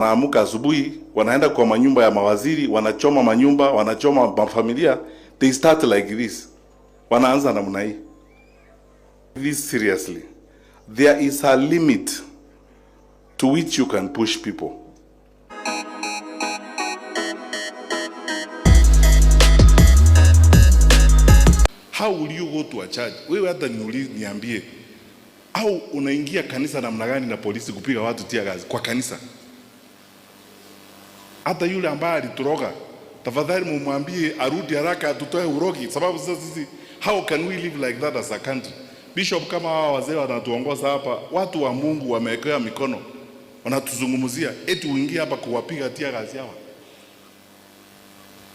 naamuka asubuhi, wanaenda kwa manyumba ya mawaziri, wanachoma manyumba, wanachoma mafamilia. They start like this, wanaanza namna hii. This seriously, there is a limit to which you can push people. How will you go to a church? Wewe hata niambie, au unaingia kanisa namna gani na polisi kupiga watu tia gazi kwa kanisa? Hata yule ambaye alituroga, tafadhali mumwambie arudi haraka atutoe urogi, sababu sasa sisi, how can we live like that as a country? Bishop, kama hawa wazee wanatuongoza hapa, watu wa Mungu wamewekea mikono, wanatuzungumzia eti uingie hapa kuwapiga tia gazi hawa.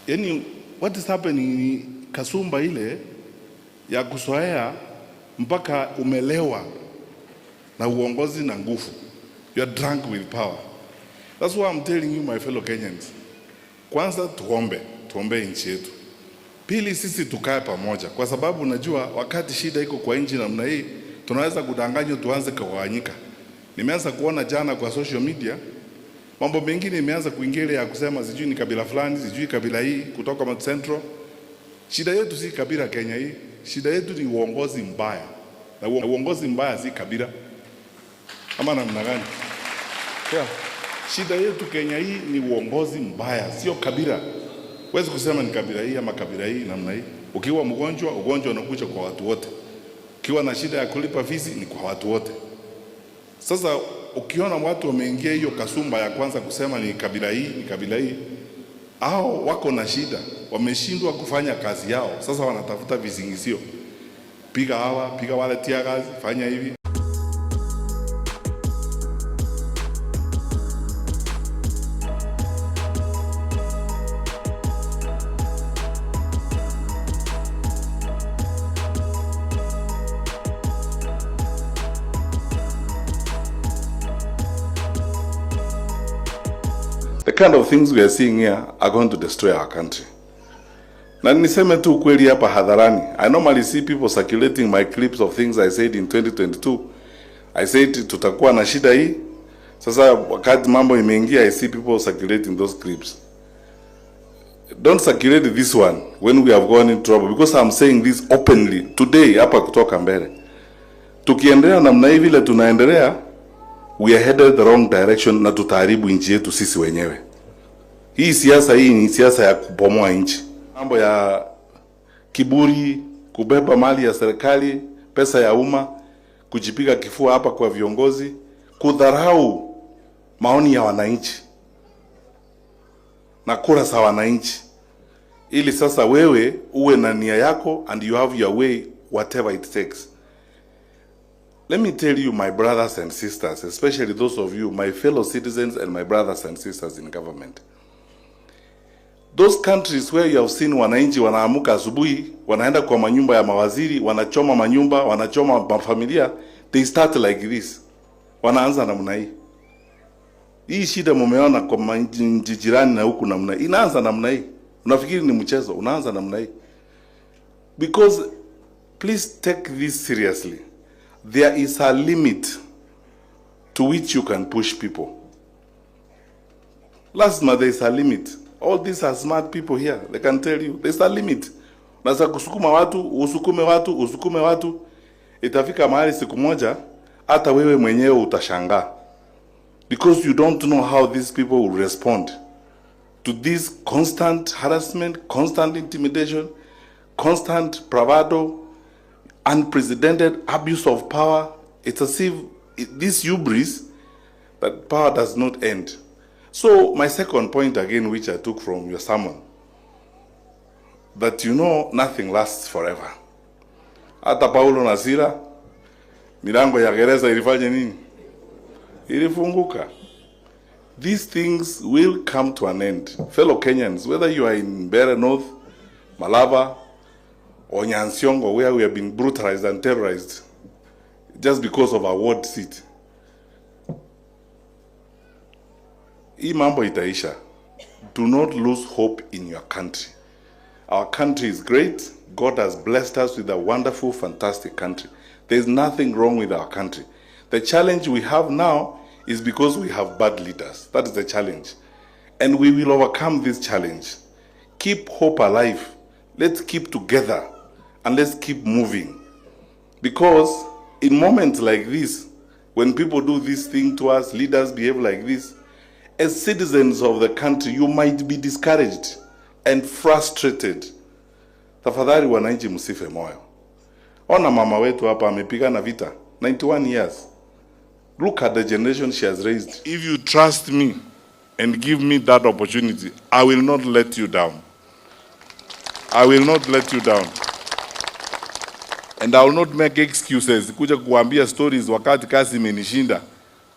Yani, what is happening ni kasumba ile ya kusoea mpaka umelewa na uongozi na nguvu, you are drunk with power. That's why I'm telling you my fellow Kenyans, kwanza tuombe, tuombe nchi yetu. Pili, sisi tukae pamoja, kwa sababu unajua wakati shida iko kwa nchi namna hii tunaweza kudanganywa, tuanze kugawanyika. Nimeanza kuona jana kwa social media mambo mengine imeanza kuingilia ya kusema sijui ni kabila fulani, sijui kabila hii kutoka Mount Central. Shida yetu si kabila Kenya hii, shida yetu ni uongozi mbaya, na uongozi mbaya si kabila ama namna gani? yeah. Shida yetu Kenya hii ni uongozi mbaya, sio kabila. Huwezi kusema ni kabila hii ama kabila hii namna hii. Ukiwa mgonjwa, ugonjwa unakuja kwa watu wote. Ukiwa na shida ya kulipa visi ni kwa watu wote. Sasa ukiona watu wameingia hiyo kasumba ya kwanza kusema ni kabila hii, ni kabila hii, hao wako na shida, wameshindwa kufanya kazi yao. Sasa wanatafuta visingizio, piga hawa, piga wale, tia fanya hivi. kind of things we are seeing here are going to destroy our country. Na niseme tu ukweli hapa hadharani. I normally see people circulating my clips of things I said in 2022. I said tutakuwa na shida hii. Sasa wakati mambo imeingia, I see people circulating those clips. Don't circulate this one when we have gone in trouble because I'm saying this openly today hapa kutoka mbele. Tukiendelea namna hii vile tunaendelea we are headed the wrong direction na tutaharibu nchi yetu sisi wenyewe. Hii siasa hii ni siasa ya kubomoa nchi, mambo ya kiburi, kubeba mali ya serikali, pesa ya umma, kujipiga kifua hapa kwa viongozi, kudharau maoni ya wananchi na kura za wananchi, ili sasa wewe uwe na nia yako and you have your way whatever it takes. Let me tell you, my brothers and sisters, especially those of you, my fellow citizens and my brothers and sisters in government, those countries where you have seen wananchi wanaamuka asubuhi, wanaenda kwa manyumba ya mawaziri, wanachoma manyumba, wanachoma mafamilia, they start like this, wanaanza namna hii. Hii shida mumeona kwa nchi jirani na huku namna hii, inaanza namna hii. Unafikiri ni mchezo? Unaanza namna hii, because please take this seriously there is a limit to which you can push people. Lazima there is a limit. All these are smart people here. They can tell you there a limit. Unaweza kusukuma watu, usukume watu, usukume watu, itafika mahali siku moja hata wewe mwenyewe utashanga because you don't know how these people will respond to this constant harassment, constant intimidation, constant bravado unprecedented abuse of power. It's as if this hubris that power does not end. So, my second point again, which I took from your sermon, that you know nothing lasts forever. Hata Paulo na Sila, milango ya nini? Ilifunguka. These things will come to an end. Fellow Kenyans, whether you are in Mbeere North, Malaba, or Nyansiongo, where we have been brutalized and terrorized just because of our ward seat. Imambo Itaisha, do not lose hope in your country. Our country is great. God has blessed us with a wonderful, fantastic country. There's nothing wrong with our country. The challenge we have now is because we have bad leaders. That is the challenge. And we will overcome this challenge. Keep hope alive. Let's keep together and let's keep moving. Because in moments like this, when people do this thing to us, leaders behave like this, as citizens of the country, you might be discouraged and frustrated. Tafadhali wananchi msife moyo. Ona mama wetu hapa amepigana vita 91 years. Look at the generation she has raised. If you trust me and give me that opportunity, I will not let you down. I will not let you down. and I will not make excuses kuja kuambia stories wakati kazi imenishinda,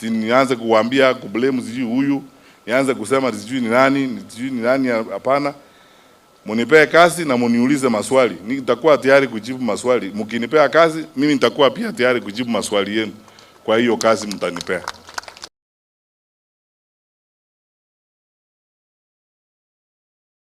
nianze kuambia kublame sijui huyu, nianze kusema sijui ni nani, sijui ni nani. Hapana, munipee kazi na muniulize maswali, nitakuwa tayari kujibu maswali. Mkinipea kazi, mimi nitakuwa pia tayari kujibu maswali yenu kwa hiyo kazi mtanipea.